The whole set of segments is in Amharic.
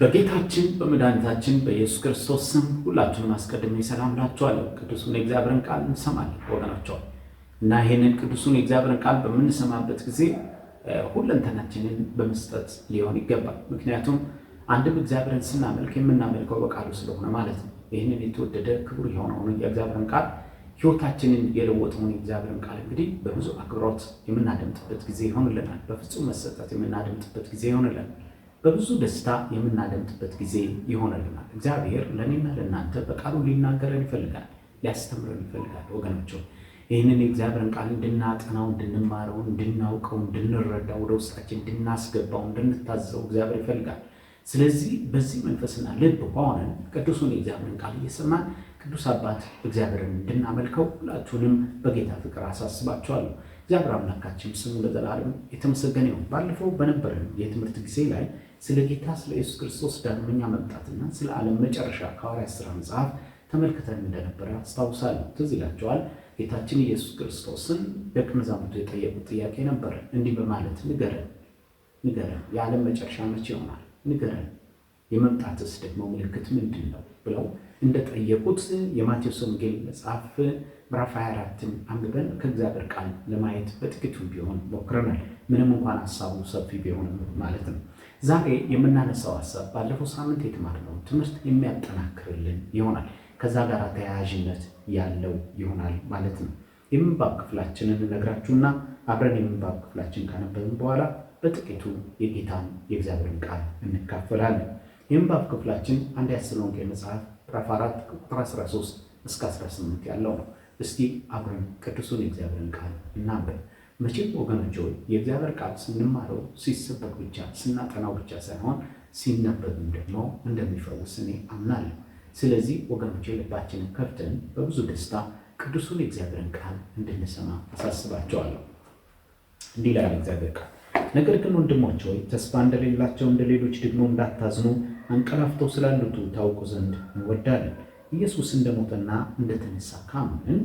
በጌታችን በመድኃኒታችን በኢየሱስ ክርስቶስ ስም ሁላችሁንም አስቀድሜ ሰላም እላችኋለሁ። ቅዱሱን የእግዚአብሔርን ቃል እንሰማለን ወገናቸዋል እና ይህንን ቅዱሱን የእግዚአብሔርን ቃል በምንሰማበት ጊዜ ሁለንተናችንን በመስጠት ሊሆን ይገባል። ምክንያቱም አንድም እግዚአብሔርን ስናመልክ የምናመልከው በቃሉ ስለሆነ ማለት ነው። ይህንን የተወደደ ክቡር የሆነውን የእግዚአብሔርን ቃል ሕይወታችንን የለወጠውን የእግዚአብሔርን ቃል እንግዲህ በብዙ አክብሮት የምናደምጥበት ጊዜ ይሆንልናል። በፍጹም መሰጠት የምናደምጥበት ጊዜ ይሆንልናል። በብዙ ደስታ የምናደምጥበት ጊዜ ይሆንልናል። እግዚአብሔር ለእኔና ለእናንተ በቃሉ ሊናገረን ይፈልጋል፣ ሊያስተምረን ይፈልጋል። ወገናቸው ይህንን የእግዚአብሔርን ቃል እንድናጠናው፣ እንድንማረው፣ እንድናውቀው፣ እንድንረዳው፣ ወደ ውስጣችን እንድናስገባው፣ እንድንታዘው እግዚአብሔር ይፈልጋል። ስለዚህ በዚህ መንፈስና ልብ ሆነን ቅዱሱን የእግዚአብሔርን ቃል እየሰማን ቅዱስ አባት እግዚአብሔርን እንድናመልከው ሁላችሁንም በጌታ ፍቅር አሳስባችኋለሁ። እግዚአብሔር አምላካችን ስሙ ለዘላለም የተመሰገነ ይሁን። ባለፈው በነበረን የትምህርት ጊዜ ላይ ስለ ጌታ ስለ ኢየሱስ ክርስቶስ ዳግመኛ መምጣትና ስለ ዓለም መጨረሻ ከሐዋርያት ሥራ መጽሐፍ ተመልክተን እንደነበረ አስታውሳለሁ። ትዝ ይላቸዋል። ጌታችን ኢየሱስ ክርስቶስን ደቀ መዛሙርቱ የጠየቁት ጥያቄ ነበረ፣ እንዲህ በማለት ንገረን፣ ንገረን የዓለም መጨረሻ መቼ ይሆናል? ንገረን የመምጣትስ ደግሞ ምልክት ምንድን ነው? ብለው እንደጠየቁት የማቴዎስ ወንጌል መጽሐፍ ምዕራፍ 24ን አንብበን ከእግዚአብሔር ቃል ለማየት በጥቂቱ ቢሆን ሞክረናል። ምንም እንኳን ሀሳቡ ሰፊ ቢሆንም ማለት ነው። ዛሬ የምናነሳው ሀሳብ ባለፈው ሳምንት የተማርነው ትምህርት የሚያጠናክርልን ይሆናል። ከዛ ጋር ተያያዥነት ያለው ይሆናል ማለት ነው። የምንባብ ክፍላችንን እነግራችሁና አብረን የምንባብ ክፍላችን ካነበብን በኋላ በጥቂቱ የጌታን የእግዚአብሔርን ቃል እንካፈላለን። የምንባብ ክፍላችን አንድ ያስለውን መጽሐፍ ምዕራፍ 4 ቁጥር 13 እስከ 18 ያለው ነው። እስቲ አብረን ቅዱሱን የእግዚአብሔርን ቃል እናንብብ። መቼም ወገኖች ሆይ የእግዚአብሔር ቃል ስንማረው ሲሰበክ ብቻ ስናጠናው ብቻ ሳይሆን ሲነበብም ደግሞ እንደሚፈውስ እኔ አምናለሁ። ስለዚህ ወገኖች ልባችንን ከፍተን በብዙ ደስታ ቅዱሱን የእግዚአብሔርን ቃል እንድንሰማ አሳስባቸዋለሁ። እንዲህ ላል እግዚአብሔር ቃል፣ ነገር ግን ወንድሞች ሆይ ተስፋ እንደሌላቸው እንደ ሌሎች ደግሞ እንዳታዝኑ አንቀላፍተው ስላሉቱ ታውቁ ዘንድ እንወዳለን። ኢየሱስ እንደሞተና እንደተነሳ ካመንን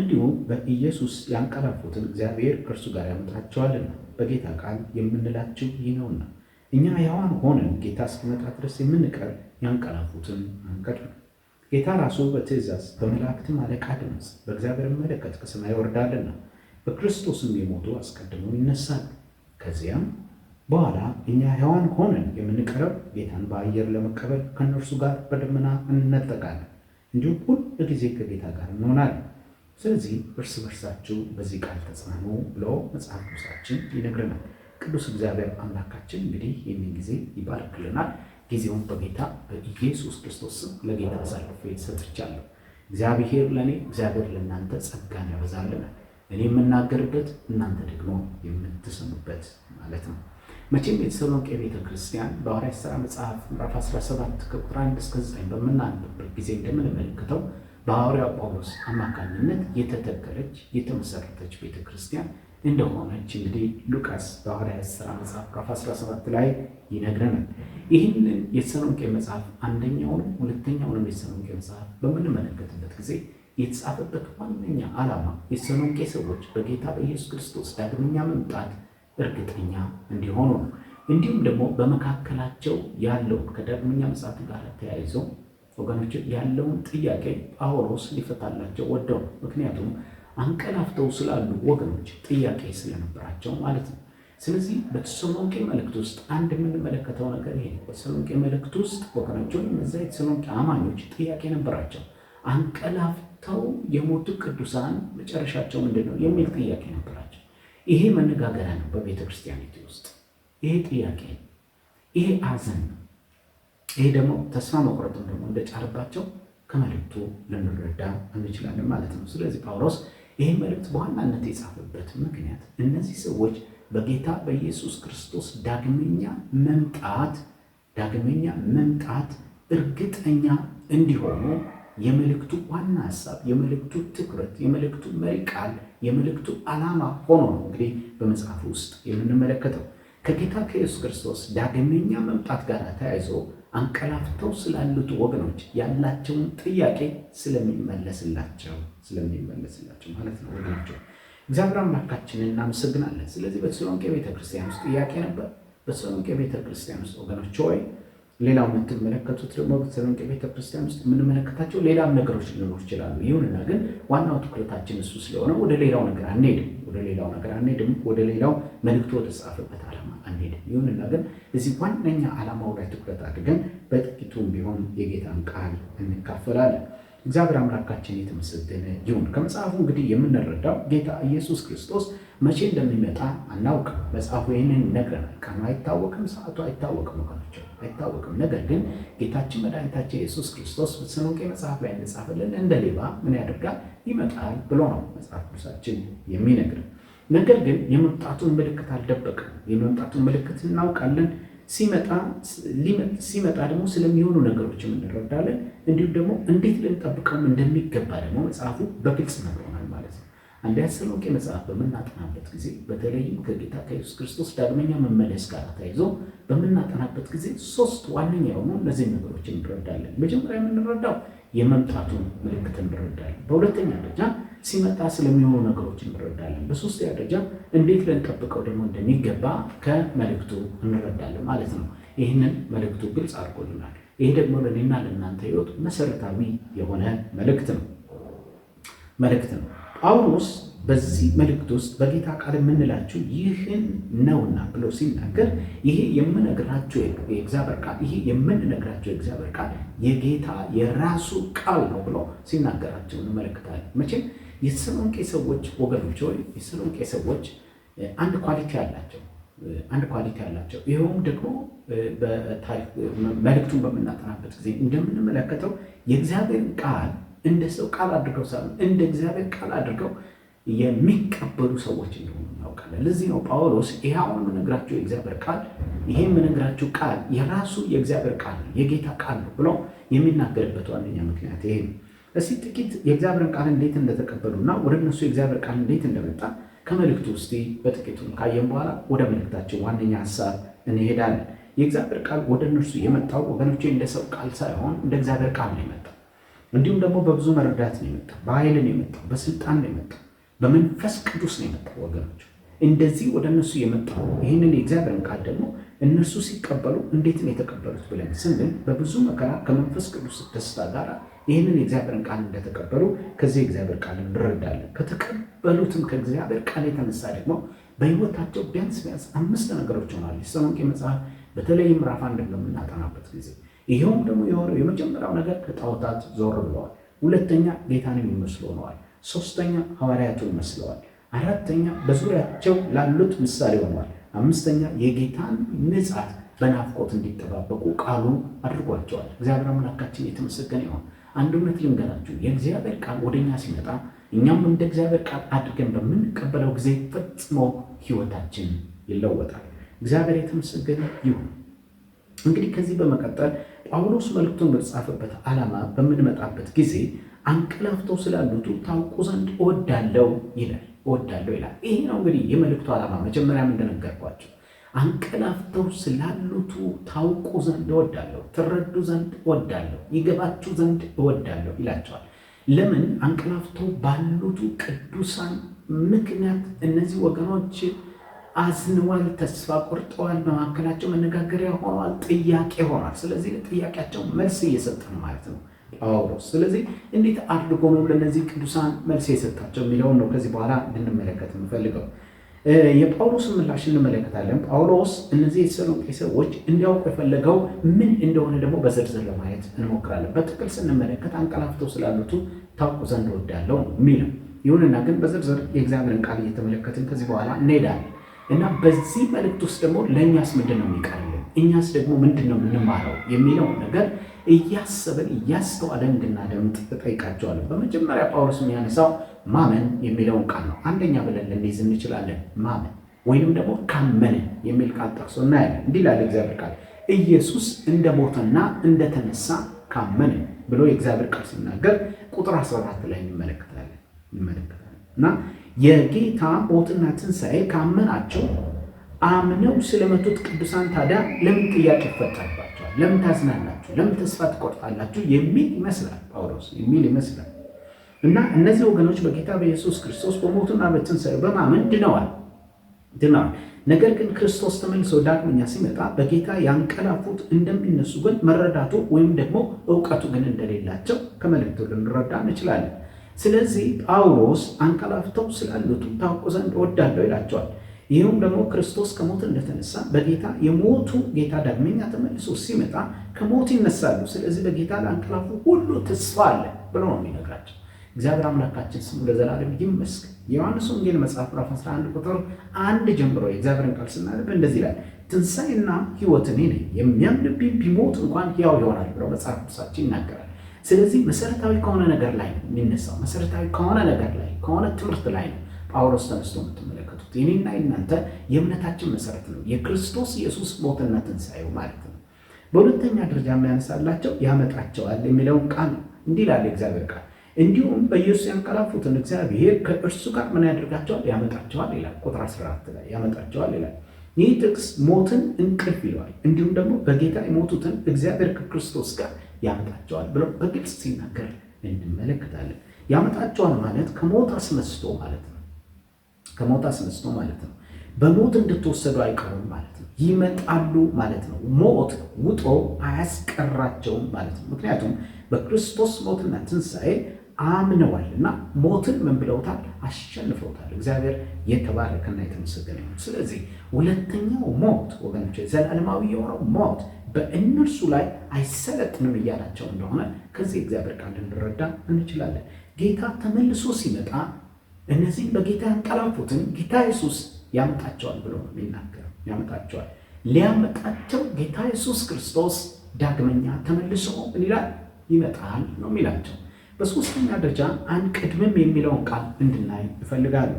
እንዲሁም በኢየሱስ ያንቀላፉትን እግዚአብሔር ከእርሱ ጋር ያመጣቸዋልና በጌታ ቃል የምንላችሁ ይህ ነውና እኛ ሕያዋን ሆነን ጌታ እስኪመጣ ድረስ የምንቀር ያንቀላፉትን መንገድ ነው። ጌታ ራሱ በትእዛዝ በመላእክትም አለቃ ድምፅ በእግዚአብሔር መለከት ከሰማይ ይወርዳልና በክርስቶስም የሞቱ አስቀድመው ይነሳሉ። ከዚያም በኋላ እኛ ሕያዋን ሆነን የምንቀረው ጌታን በአየር ለመቀበል ከእነርሱ ጋር በደመና እንነጠቃለን። እንዲሁም ሁል ጊዜ ከጌታ ጋር እንሆናለን። ስለዚህ እርስ በርሳችሁ በዚህ ቃል ተጽናኑ ብሎ መጽሐፍ ቅዱሳችን ይነግረናል። ቅዱስ እግዚአብሔር አምላካችን እንግዲህ ይህንን ጊዜ ይባርክልናል። ጊዜውን በጌታ በኢየሱስ ክርስቶስ ስም ለጌታ አሳልፌ ሰጥቻለሁ። እግዚአብሔር ለእኔ እግዚአብሔር ለእናንተ ጸጋን ያበዛልናል። እኔ የምናገርበት እናንተ ደግሞ የምትሰሙበት ማለት ነው። መቼም የተሰሎንቄ ቤተ ክርስቲያን በሐዋርያት ሥራ መጽሐፍ ምዕራፍ 17 ከቁጥር 1 እስከ 9 በምናነብበት ጊዜ እንደምንመለከተው በሐዋርያው ጳውሎስ አማካኝነት የተተከለች የተመሰረተች ቤተ ክርስቲያን እንደሆነች እንግዲህ ሉቃስ በሐዋርያት ሥራ መጽሐፍ ምዕራፍ 17 ላይ ይነግረናል። ይህንን የተሰሎንቄ መጽሐፍ አንደኛውን ሁለተኛውንም የተሰሎንቄ መጽሐፍ በምንመለከትበት ጊዜ የተጻፈበት ዋነኛ ዓላማ የተሰሎንቄ ሰዎች በጌታ በኢየሱስ ክርስቶስ ዳግመኛ መምጣት እርግጠኛ እንዲሆኑ ነው። እንዲሁም ደግሞ በመካከላቸው ያለውን ከዳግመኛ መምጣት ጋር ተያይዞ ወገኖች ያለውን ጥያቄ ጳውሎስ ሊፈታላቸው ወደው፣ ምክንያቱም አንቀላፍተው ስላሉ ወገኖች ጥያቄ ስለነበራቸው ማለት ነው። ስለዚህ በተሰሎንቄ መልእክት ውስጥ አንድ የምንመለከተው ነገር ይሄ በተሰሎንቄ መልእክት ውስጥ ወገኖችን እዛ የተሰሎንቄ አማኞች ጥያቄ ነበራቸው። አንቀላፍተው የሞቱ ቅዱሳን መጨረሻቸው ምንድን ነው የሚል ጥያቄ ነበራቸው። ይሄ መነጋገሪያ ነው በቤተ ክርስቲያኒቱ ውስጥ ይሄ ጥያቄ ይሄ አዘን ነው። ይሄ ደግሞ ተስፋ መቁረጥም ደግሞ እንደጫረባቸው ከመልእክቱ ልንረዳ እንችላለን ማለት ነው። ስለዚህ ጳውሎስ ይህ መልእክት በዋናነት የጻፈበት ምክንያት እነዚህ ሰዎች በጌታ በኢየሱስ ክርስቶስ ዳግመኛ መምጣት ዳግመኛ መምጣት እርግጠኛ እንዲሆኑ የመልእክቱ ዋና ሀሳብ፣ የመልእክቱ ትኩረት፣ የመልእክቱ መሪ ቃል፣ የመልእክቱ ዓላማ ሆኖ ነው እንግዲህ በመጽሐፉ ውስጥ የምንመለከተው ከጌታ ከኢየሱስ ክርስቶስ ዳግመኛ መምጣት ጋር ተያይዞ አንቀላፍተው ስላሉት ወገኖች ያላቸውን ጥያቄ ስለሚመለስላቸው ስለሚመለስላቸው ማለት ነው ወገናቸው እግዚአብሔር አምላካችን እናመሰግናለን። ስለዚህ በተሰሎንቄ ቤተክርስቲያን ውስጥ ጥያቄ ነበር። በተሰሎንቄ ቤተክርስቲያን ውስጥ ወገኖች ሆይ ሌላው የምትመለከቱት ደግሞ በተሰሎንቄ ቤተክርስቲያን ውስጥ የምንመለከታቸው ሌላም ነገሮች ሊኖሩ ይችላሉ። ይሁንና ግን ዋናው ትኩረታችን እሱ ስለሆነ ወደ ሌላው ነገር አንሄድም፣ ወደ ሌላው ነገር አንሄድም። ወደ ሌላው መልእክቱ ወደ ተጻፈበት አለማ አንሄድም። ይሁንና ግን እዚህ ዋነኛ ዓላማው ላይ ትኩረት አድርገን በጥቂቱም ቢሆን የጌታን ቃል እንካፈላለን። እግዚአብሔር አምላካችን የተመሰገነ ይሁን። ከመጽሐፉ እንግዲህ የምንረዳው ጌታ ኢየሱስ ክርስቶስ መቼ እንደሚመጣ አናውቅም። መጽሐፉ ይህንን ይነግረናል። ቀኑ አይታወቅም፣ ሰዓቱ አይታወቅም፣ ወገኖቸው አይታወቅም። ነገር ግን ጌታችን መድኃኒታችን ኢየሱስ ክርስቶስ በተሰሎንቄ መጽሐፍ ላይ እንደጻፈልን እንደ ሌባ ምን ያደርጋል? ይመጣል ብሎ ነው መጽሐፍ ቅዱሳችን የሚነግርን። ነገር ግን የመምጣቱን ምልክት አልደበቅም። የመምጣቱን ምልክት እናውቃለን። ሲመጣ ደግሞ ስለሚሆኑ ነገሮችም እንረዳለን። እንዲሁም ደግሞ እንዴት ልንጠብቀውም እንደሚገባ ደግሞ መጽሐፉ በግልጽ ነግሮናል ማለት ነው። አንድ ተሰሎንቄ መጽሐፍ በምናጠናበት ጊዜ በተለይም ከጌታ ከኢየሱስ ክርስቶስ ዳግመኛ መመለስ ጋር ተያይዞ በምናጠናበት ጊዜ ሶስት ዋነኛ የሆኑ እነዚህ ነገሮች እንረዳለን። መጀመሪያ የምንረዳው የመምጣቱን ምልክት እንረዳለን። በሁለተኛ ደረጃ ሲመጣ ስለሚሆኑ ነገሮች እንረዳለን። በሶስተኛ ደረጃ እንዴት ልንጠብቀው ደግሞ እንደሚገባ ከመልእክቱ እንረዳለን ማለት ነው። ይህንን መልእክቱ ግልጽ አድርጎልናል። ይህ ደግሞ ለእኔና ለእናንተ ህይወት መሰረታዊ የሆነ መልእክት ነው መልእክት ነው። ጳውሎስ በዚህ መልእክት ውስጥ በጌታ ቃል የምንላችሁ ይህን ነውና ብሎ ሲናገር ይሄ የምነግራቸው የእግዚአብሔር ቃል ይሄ የምንነግራቸው የእግዚአብሔር ቃል የጌታ የራሱ ቃል ነው ብሎ ሲናገራቸው እንመለከታለን መቼም የተሰሎንቄ ሰዎች ወገኖች ሆይ የተሰሎንቄ ሰዎች አንድ ኳሊቲ አላቸው። አንድ ኳሊቲ አላቸው። ይኸውም ደግሞ በታሪክ መልእክቱን በምናጠናበት ጊዜ እንደምንመለከተው የእግዚአብሔርን ቃል እንደ ሰው ቃል አድርገው ሳይሆን እንደ እግዚአብሔር ቃል አድርገው የሚቀበሉ ሰዎች እንደሆኑ እናውቃለን። ለዚህ ነው ጳውሎስ ይሄ አሁን የምነግራቸው የእግዚአብሔር ቃል ይሄ የምነግራቸው ቃል የራሱ የእግዚአብሔር ቃል ነው፣ የጌታ ቃል ነው ብሎ የሚናገርበት ዋነኛ ምክንያት ይሄ ነው። እስቲ ጥቂት የእግዚአብሔርን ቃል እንዴት እንደተቀበሉና ወደ እነሱ የእግዚአብሔር ቃል እንዴት እንደመጣ ከመልእክቱ ውስጥ በጥቂቱ ካየን በኋላ ወደ መልእክታችን ዋነኛ ሀሳብ እንሄዳለን። የእግዚአብሔር ቃል ወደ እነርሱ የመጣው ወገኖቼ እንደ ሰው ቃል ሳይሆን እንደ እግዚአብሔር ቃል ነው የመጣው። እንዲሁም ደግሞ በብዙ መረዳት ነው የመጣው፣ በኃይል ነው የመጣው፣ በስልጣን ነው የመጣው፣ በመንፈስ ቅዱስ ነው የመጣው። ወገኖች እንደዚህ ወደ እነሱ የመጣው ይህንን የእግዚአብሔርን ቃል ደግሞ እነሱ ሲቀበሉ እንዴት ነው የተቀበሉት ብለን ስንል በብዙ መከራ ከመንፈስ ቅዱስ ደስታ ጋር ይህንን የእግዚአብሔርን ቃል እንደተቀበሉ ከዚህ የእግዚአብሔር ቃል እንረዳለን። ከተቀበሉትም ከእግዚአብሔር ቃል የተነሳ ደግሞ በህይወታቸው ቢያንስ ቢያንስ አምስት ነገሮች ሆናል። ተሰሎንቄ መጽሐፍ በተለይ ምዕራፍ አንድ እንደምናጠናበት ጊዜ ይኸውም ደግሞ የሆነው የመጀመሪያው ነገር ከጣዖታት ዞር ብለዋል። ሁለተኛ ጌታን የሚመስሉ ሆነዋል። ሶስተኛ ሐዋርያቱ ይመስለዋል። አራተኛ በዙሪያቸው ላሉት ምሳሌ ሆነዋል። አምስተኛ የጌታን ምጽአት በናፍቆት እንዲጠባበቁ ቃሉ አድርጓቸዋል። እግዚአብሔር አምላካችን የተመሰገነ ይሆን። አንድ እውነት ልንገራችሁ፣ የእግዚአብሔር ቃል ወደኛ ሲመጣ እኛም እንደ እግዚአብሔር ቃል አድርገን በምንቀበለው ጊዜ ፈጽሞ ሕይወታችን ይለወጣል። እግዚአብሔር የተመሰገነ ይሁን። እንግዲህ ከዚህ በመቀጠል ጳውሎስ መልእክቱን በተጻፈበት ዓላማ በምንመጣበት ጊዜ አንቀላፍተው ስላሉቱ ታውቁ ዘንድ እወዳለሁ ይላል። እወዳለሁ ይላል። ይሄ ነው እንግዲህ የመልእክቱ ዓላማ። መጀመሪያም እንደነገርኳቸው አንቀላፍተው ስላሉቱ ታውቁ ዘንድ እወዳለሁ፣ ትረዱ ዘንድ እወዳለሁ፣ ይገባችሁ ዘንድ እወዳለሁ ይላቸዋል። ለምን አንቀላፍተው ባሉቱ ቅዱሳን ምክንያት እነዚህ ወገኖች አዝንዋል ተስፋ ቆርጠዋል፣ በመካከላቸው መነጋገሪያ ሆኗል፣ ጥያቄ ሆኗል። ስለዚህ ጥያቄያቸው መልስ እየሰጠ ነው ማለት ነው። ጳውሎስ። ስለዚህ እንዴት አድርጎ ነው ለነዚህ ቅዱሳን መልስ የሰጣቸው የሚለውን ነው ከዚህ በኋላ እንድንመለከት የምፈልገው። የጳውሎስን ምላሽ እንመለከታለን። ጳውሎስ እነዚህ የተሰሎንቄ ሰዎች እንዲያውቁ የፈለገው ምን እንደሆነ ደግሞ በዝርዝር ለማየት እንሞክራለን። በትክክል ስንመለከት አንቀላፍተው ስላሉቱ ታውቁ ዘንድ ወዳለው የሚለው ይሁንና ግን በዝርዝር የእግዚአብሔርን ቃል እየተመለከትን ከዚህ በኋላ እንሄዳለን እና በዚህ መልእክት ውስጥ ደግሞ ለእኛስ ምንድን ነው የሚቀርልን፣ እኛስ ደግሞ ምንድን ነው የምንማረው የሚለው ነገር እያሰብን እያስተዋለን እንድናደምጥ እጠይቃቸዋለሁ። በመጀመሪያ ጳውሎስ የሚያነሳው ማመን የሚለውን ቃል ነው። አንደኛ ብለን ልንይዝ እንችላለን። ማመን ወይንም ደግሞ ካመነ የሚል ቃል ጠቅሶ እናያለን። እንዲህ ላለ እግዚአብሔር ቃል ኢየሱስ እንደ ሞተና እንደተነሳ ካመነ ብሎ የእግዚአብሔር ቃል ሲናገር ቁጥር 14 ላይ እንመለከታለን እንመለከታለን እና የጌታ ሞትና ትንሣኤ ካመናቸው አምነው ስለመቱት ቅዱሳን ታዲያ ለምን ጥያቄ ይፈጠራል? ለምን ታዝናላችሁ? ለምን ተስፋ ትቆርጣላችሁ? የሚል ይመስላል ጳውሎስ የሚል ይመስላል። እና እነዚህ ወገኖች በጌታ በኢየሱስ ክርስቶስ በሞቱና በትንሣኤ በማመን ድነዋል ድነዋል። ነገር ግን ክርስቶስ ተመልሶ ዳግመኛ ሲመጣ በጌታ ያንቀላፉት እንደሚነሱ ግን መረዳቱ ወይም ደግሞ እውቀቱ ግን እንደሌላቸው ከመልእክቱ ልንረዳ እንችላለን። ስለዚህ ጳውሎስ አንቀላፍተው ስላሉት ታውቁ ዘንድ እወዳለሁ ይላቸዋል። ይህም ደግሞ ክርስቶስ ከሞት እንደተነሳ በጌታ የሞቱ ጌታ ዳግመኛ ተመልሶ ሲመጣ ከሞት ይነሳሉ። ስለዚህ በጌታ ለአንቀላፉ ሁሉ ተስፋ አለ ብሎ ነው የሚነግራቸው። እግዚአብሔር አምላካችን ስሙ ለዘላለም ይመስገን። የዮሐንስ ወንጌል መጽሐፍ ምዕራፍ 11 ቁጥር አንድ ጀምሮ የእግዚአብሔርን ቃል ስናነብ እንደዚህ ይላል፣ ትንሣኤና ሕይወት እኔ ነኝ፣ የሚያምንብኝ ቢሞት እንኳን ሕያው ይሆናል ብለው መጽሐፍ ቅዱሳችን ይናገራል። ስለዚህ መሰረታዊ ከሆነ ነገር ላይ ነው የሚነሳው። መሰረታዊ ከሆነ ነገር ላይ ከሆነ ትምህርት ላይ ነው ጳውሎስ ተነስቶ ምትመለ ክርስቶስ የኔና የእናንተ የእምነታችን መሰረት ነው፣ የክርስቶስ ኢየሱስ ሞትና ትንሣኤው ማለት ነው። በሁለተኛ ደረጃ የሚያነሳላቸው ያመጣቸዋል የሚለውን ቃል ነው። እንዲህ ይላል እግዚአብሔር ቃል እንዲሁም በኢየሱስ ያንቀላፉትን እግዚአብሔር ከእርሱ ጋር ምን ያደርጋቸዋል? ያመጣቸዋል ይላል። ቁጥር 14 ላይ ያመጣቸዋል ይላል። ይህ ጥቅስ ሞትን እንቅልፍ ይለዋል። እንዲሁም ደግሞ በጌታ የሞቱትን እግዚአብሔር ከክርስቶስ ጋር ያመጣቸዋል ብለው በግልጽ ሲናገር እንመለከታለን። ያመጣቸዋል ማለት ከሞት አስነስቶ ማለት ነው። ከሞት አስነስቶ ማለት ነው። በሞት እንድትወሰዱ አይቀሩም ማለት ነው። ይመጣሉ ማለት ነው። ሞት ውጦ አያስቀራቸውም ማለት ነው። ምክንያቱም በክርስቶስ ሞትና ትንሣኤ አምነዋል እና ሞትን ምን ብለውታል? አሸንፈውታል። እግዚአብሔር የተባረከና የተመሰገነ ነው። ስለዚህ ሁለተኛው ሞት ወገኖች፣ ዘላለማዊ የሆነው ሞት በእነርሱ ላይ አይሰለጥንም እያላቸው እንደሆነ ከዚህ እግዚአብሔር ቃል እንረዳ እንችላለን። ጌታ ተመልሶ ሲመጣ እነዚህም በጌታ ያንቀላፉትን ጌታ ኢየሱስ ያመጣቸዋል ብሎ ነው የሚናገረው። ያመጣቸዋል ሊያመጣቸው ጌታ ኢየሱስ ክርስቶስ ዳግመኛ ተመልሶ ምን ይላል? ይመጣል ነው የሚላቸው። በሶስተኛ ደረጃ አንድ ቅድምም የሚለውን ቃል እንድናይ እፈልጋለሁ።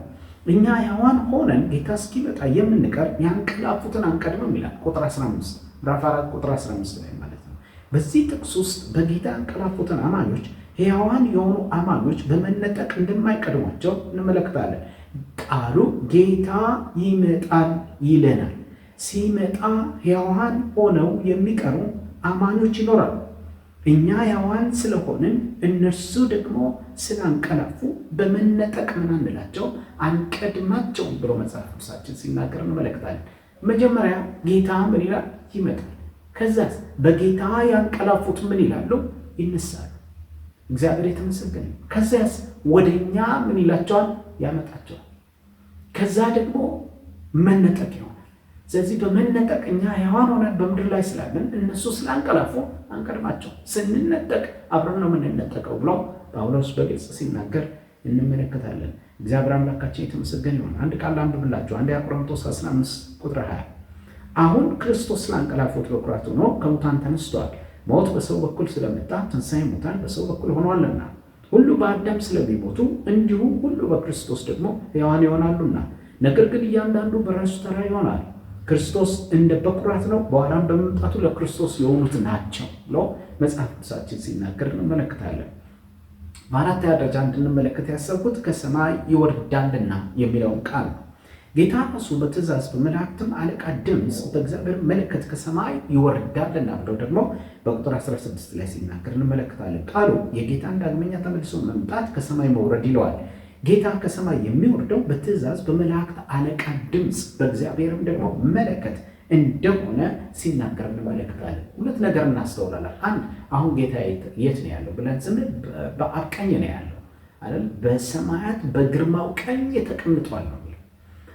እኛ ሕያዋን ሆነን ጌታ እስኪመጣ የምንቀር ያንቀላፉትን አንቀድምም ይላል። ቁጥር 15 ምዕራፍ 4 ቁጥር 15 ላይ ማለት ነው። በዚህ ጥቅስ ውስጥ በጌታ ያንቀላፉትን አማኞች ሕያዋን የሆኑ አማኞች በመነጠቅ እንደማይቀድሟቸው እንመለከታለን። ቃሉ ጌታ ይመጣል ይለናል። ሲመጣ ሕያዋን ሆነው የሚቀሩ አማኞች ይኖራሉ። እኛ ሕያዋን ስለሆንን እነርሱ ደግሞ ስላንቀላፉ በመነጠቅ ምን አንላቸው አንቀድማቸውም ብሎ መጽሐፍ ቅዱሳችን ሲናገር እንመለከታለን። መጀመሪያ ጌታ ምን ይላል? ይመጣል። ከዛ በጌታ ያንቀላፉት ምን ይላሉ? ይነሳል እግዚአብሔር የተመሰገነ። ከዚያስ እኛ ምን ይላቸዋል? ያመጣቸዋል። ከዛ ደግሞ መነጠቅ ይሆናል። ስለዚህ በመነጠቅ እኛ ሕያዋን ሆነን በምድር ላይ ስላለን እነሱ ስላንቀላፉ አንቀድማቸው። ስንነጠቅ አብረን ነው የምንነጠቀው ብሎ ጳውሎስ በግልጽ ሲናገር እንመለከታለን። እግዚአብሔር አምላካችን የተመሰገነ ይሆን። አንድ ቃል አንብብላችሁ አንድ ቆሮንቶስ 15 ቁጥር 20 አሁን ክርስቶስ ስላንቀላፉት በኩራት ሆኖ ከሙታን ተነስተዋል ሞት በሰው በኩል ስለመጣ ትንሣኤ ሙታን በሰው በኩል ሆኗልና ሁሉ በአዳም ስለሚሞቱ እንዲሁ ሁሉ በክርስቶስ ደግሞ ሕያዋን ይሆናሉና፣ ነገር ግን እያንዳንዱ በራሱ ተራ ይሆናል። ክርስቶስ እንደ በኩራት ነው፣ በኋላም በመምጣቱ ለክርስቶስ የሆኑት ናቸው ብሎ መጽሐፍ ቅዱሳችን ሲናገር እንመለከታለን። በአራተኛ ደረጃ እንድንመለከት ያሰብኩት ከሰማይ ይወርዳልና የሚለውን ቃል ነው። ጌታ ራሱ በትእዛዝ በመላእክትም አለቃ ድምፅ በእግዚአብሔር መለከት ከሰማይ ይወርዳልና ብለው ደግሞ በቁጥር 16 ላይ ሲናገር እንመለከታለን። ቃሉ የጌታን ዳግመኛ ተመልሶ መምጣት ከሰማይ መውረድ ይለዋል። ጌታ ከሰማይ የሚወርደው በትእዛዝ በመላእክት አለቃ ድምፅ በእግዚአብሔርም ደግሞ መለከት እንደሆነ ሲናገር እንመለከታለን። ሁለት ነገር እናስተውላለን። አንድ አሁን ጌታ የት ነው ያለው ብለን ስም በአብ ቀኝ ነው ያለው አይደል? በሰማያት በግርማው ቀኝ ተቀምጧል ነው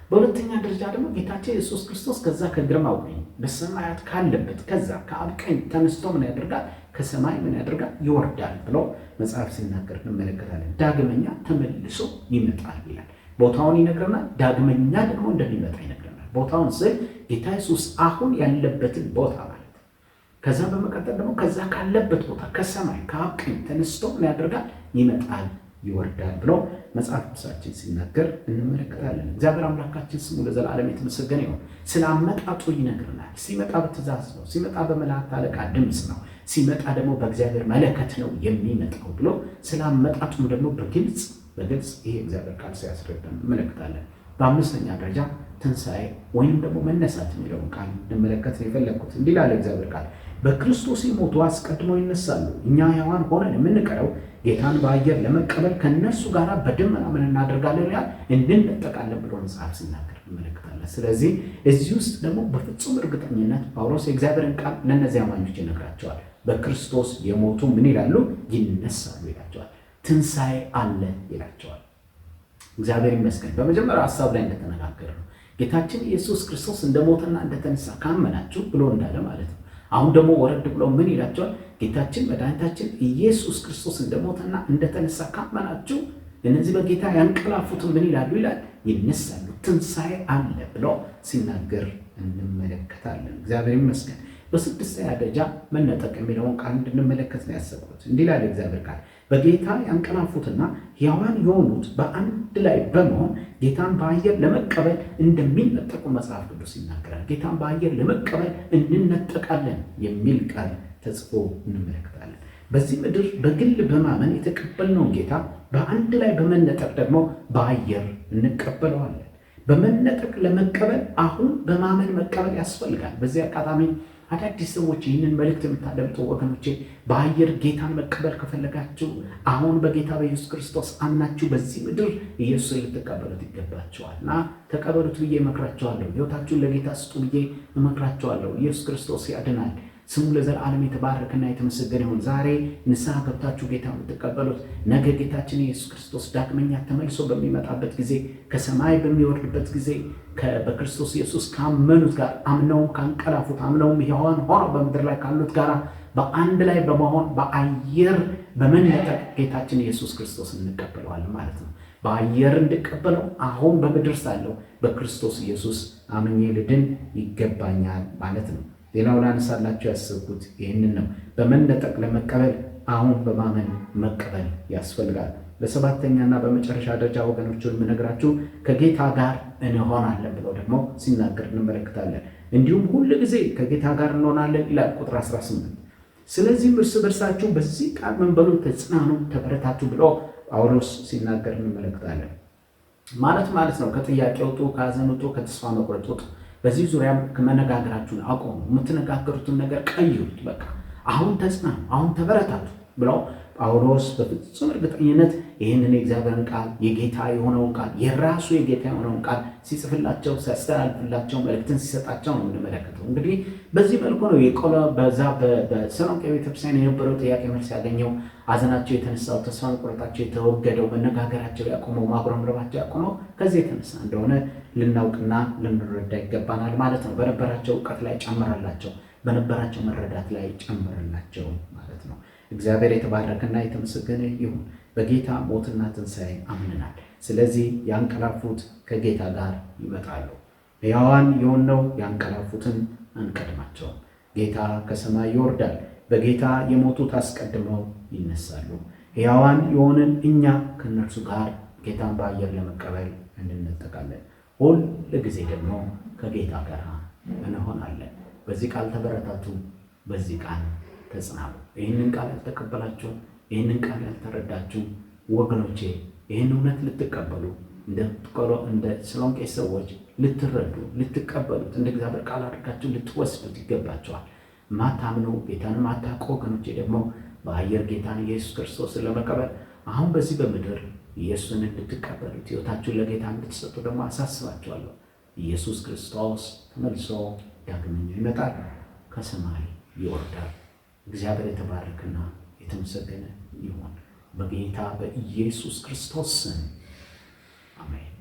በሁለተኛ ደረጃ ደግሞ ጌታችን ኢየሱስ ክርስቶስ ከዛ ከግርማው ቀኝ በሰማያት ካለበት ከዛ ከአብ ቀኝ ተነስቶ ምን ያደርጋል? ከሰማይ ምን ያደርጋል? ይወርዳል ብሎ መጽሐፍ ሲናገር እንመለከታለን። ዳግመኛ ተመልሶ ይመጣል ይላል። ቦታውን ይነግረናል። ዳግመኛ ደግሞ እንደሚመጣ ይነግረናል። ቦታውን ስል ጌታ ኢየሱስ አሁን ያለበትን ቦታ ማለት ከዛ በመቀጠል ደግሞ ከዛ ካለበት ቦታ ከሰማይ ከአብ ቀኝ ተነስቶ ምን ያደርጋል? ይመጣል ይወርዳል ብሎ መጽሐፍ ቅዱሳችን ሲናገር እንመለከታለን። እግዚአብሔር አምላካችን ስሙ ለዘላለም የተመሰገነ ይሆን። ስለ አመጣጡ ይነግርናል። ሲመጣ በትእዛዝ ነው፣ ሲመጣ በመላእክት አለቃ ድምፅ ነው፣ ሲመጣ ደግሞ በእግዚአብሔር መለከት ነው የሚመጣው ብሎ ስለ አመጣጡም ደግሞ በግልጽ በግልጽ ይሄ እግዚአብሔር ቃል ሲያስረዳን እንመለከታለን። በአምስተኛ ደረጃ ትንሣኤ ወይም ደግሞ መነሳት የሚለውን ቃል እንመለከት የፈለግኩት። እንዲህ ላለ እግዚአብሔር ቃል በክርስቶስ የሞቱ አስቀድሞ ይነሳሉ። እኛ ሕያዋን ሆነን የምንቀረው ጌታን በአየር ለመቀበል ከነሱ ጋር በደመና ምን እናደርጋለን ያል እንነጠቃለን ብሎ መጽሐፍ ሲናገር እንመለከታለን። ስለዚህ እዚህ ውስጥ ደግሞ በፍጹም እርግጠኝነት ጳውሎስ የእግዚአብሔርን ቃል ለእነዚህ አማኞች ይነግራቸዋል። በክርስቶስ የሞቱ ምን ይላሉ? ይነሳሉ ይላቸዋል። ትንሣኤ አለ ይላቸዋል። እግዚአብሔር ይመስገን። በመጀመሪያ ሀሳብ ላይ እንደተነጋገር ነው ጌታችን ኢየሱስ ክርስቶስ እንደሞተና እንደተነሳ ካመናችሁ ብሎ እንዳለ ማለት ነው አሁን ደግሞ ወረድ ብሎ ምን ይላቸዋል? ጌታችን መድኃኒታችን ኢየሱስ ክርስቶስ እንደሞተና እንደተነሳ ካመናችሁ እነዚህ በጌታ ያንቀላፉትን ምን ይላሉ ይላል ይነሳሉ፣ ትንሣኤ አለ ብሎ ሲናገር እንመለከታለን። እግዚአብሔር ይመስገን። በስድስተኛ ደረጃ መነጠቅ የሚለውን ቃል እንድንመለከት ነው ያሰብኩት። እንዲህ ይላል እግዚአብሔር ቃል በጌታ ያንቀላፉትና ሕያዋን የሆኑት በአንድ ላይ በመሆን ጌታን በአየር ለመቀበል እንደሚነጠቁ መጽሐፍ ቅዱስ ይናገራል። ጌታን በአየር ለመቀበል እንነጠቃለን የሚል ቃል ተጽፎ እንመለከታለን። በዚህ ምድር በግል በማመን የተቀበልነውን ጌታ በአንድ ላይ በመነጠቅ ደግሞ በአየር እንቀበለዋለን። በመነጠቅ ለመቀበል አሁን በማመን መቀበል ያስፈልጋል። በዚህ አጋጣሚ አዳዲስ ሰዎች ይህንን መልእክት የምታደምጡ ወገኖቼ በአየር ጌታን መቀበል ከፈለጋችሁ አሁን በጌታ በኢየሱስ ክርስቶስ አምናችሁ በዚህ ምድር ኢየሱስ ልትቀበሉት ይገባችኋል እና ተቀበሉት ብዬ እመክራችኋለሁ። ሕይወታችሁን ለጌታ ስጡ ብዬ እመክራችኋለሁ። ኢየሱስ ክርስቶስ ያድናል። ስሙ ለዘላለም የተባረከና የተመሰገነ ይሁን። ዛሬ ንስሐ ገብታችሁ ጌታ የምትቀበሉት ነገ ጌታችን ኢየሱስ ክርስቶስ ዳግመኛ ተመልሶ በሚመጣበት ጊዜ ከሰማይ በሚወርድበት ጊዜ በክርስቶስ ኢየሱስ ካመኑት ጋር አምነውም ካንቀላፉት አምነውም ሕያዋን ሆነው በምድር ላይ ካሉት ጋር በአንድ ላይ በመሆን በአየር በመነጠቅ ጌታችን ኢየሱስ ክርስቶስ እንቀበለዋለን ማለት ነው። በአየር እንድቀበለው አሁን በምድር ሳለው በክርስቶስ ኢየሱስ አምኜ ልድን ይገባኛል ማለት ነው። ሌላው ላነሳላቸው ያሰብኩት ይህንን ነው። በመነጠቅ ለመቀበል አሁን በማመን መቀበል ያስፈልጋል። በሰባተኛና በመጨረሻ ደረጃ ወገኖች የምነግራችሁ ከጌታ ጋር እንሆናለን ብለው ደግሞ ሲናገር እንመለከታለን። እንዲሁም ሁል ጊዜ ከጌታ ጋር እንሆናለን ይላል ቁጥር 18። ስለዚህም እርስ በርሳችሁ በዚህ ቃል መንበሉ ተጽናኑ፣ ተበረታቱ ብሎ ጳውሎስ ሲናገር እንመለከታለን። ማለት ማለት ነው ከጥያቄ ውጡ፣ ከሐዘን ከተስፋ መቁረጥ ውጡ። በዚህ ዙሪያ መነጋገራችሁን አቆሙ። የምትነጋገሩትን ነገር ቀይሩት። በቃ አሁን ተጽናኑ፣ አሁን ተበረታቱ ብለው ጳውሎስ በፍጹም እርግጠኝነት ይህንን የእግዚአብሔርን ቃል የጌታ የሆነውን ቃል የራሱ የጌታ የሆነውን ቃል ሲጽፍላቸው ሲያስተላልፍላቸው መልእክትን ሲሰጣቸው ነው የምንመለከተው እንግዲህ በዚህ መልኩ ነው የቆሎ በዛ በሰሎንቄ ቤተክርስቲያን የነበረው ጥያቄ መልስ ያገኘው። ሐዘናቸው የተነሳው፣ ተስፋ መቁረጣቸው የተወገደው፣ መነጋገራቸው ያቆመው፣ ማጉረምረባቸው ያቆመው ከዚህ የተነሳ እንደሆነ ልናውቅና ልንረዳ ይገባናል ማለት ነው። በነበራቸው እውቀት ላይ ጨምረላቸው፣ በነበራቸው መረዳት ላይ ጨምረላቸው ማለት ነው። እግዚአብሔር የተባረከና የተመሰገነ ይሁን። በጌታ ሞትና ትንሣኤ አምንናል። ስለዚህ ያንቀላፉት ከጌታ ጋር ይመጣሉ። ሕያዋን የሆነው ያንቀላፉትን አንቀድማቸውም። ጌታ ከሰማይ ይወርዳል። በጌታ የሞቱት አስቀድመው ይነሳሉ። ሕያዋን የሆነን እኛ ከእነርሱ ጋር ጌታን በአየር ለመቀበል እንነጠቃለን። ሁል ጊዜ ደግሞ ከጌታ ጋር እንሆናለን። በዚህ ቃል ተበረታቱ፣ በዚህ ቃል ተጽናሉ። ይህንን ቃል ያልተቀበላችሁ፣ ይህንን ቃል ያልተረዳችሁ ወገኖቼ ይህን እውነት ልትቀበሉ እንደ ሰሎንቄ ሰዎች ልትረዱ ልትቀበሉት እንደ እግዚአብሔር ቃል አድርጋችሁ ልትወስዱት ይገባቸዋል። ማታምኑ ጌታን ማታውቁ ወገኖቼ ደግሞ በአየር ጌታን ኢየሱስ ክርስቶስን ለመቀበል አሁን በዚህ በምድር ኢየሱስን እንድትቀበሉት ሕይወታችሁን ለጌታ እንድትሰጡ ደግሞ አሳስባችኋለሁ። ኢየሱስ ክርስቶስ ተመልሶ ዳግመኛ ይመጣል፣ ከሰማይ ይወርዳል። እግዚአብሔር የተባረከና የተመሰገነ ይሁን። በጌታ በኢየሱስ ክርስቶስ ስም አሜን።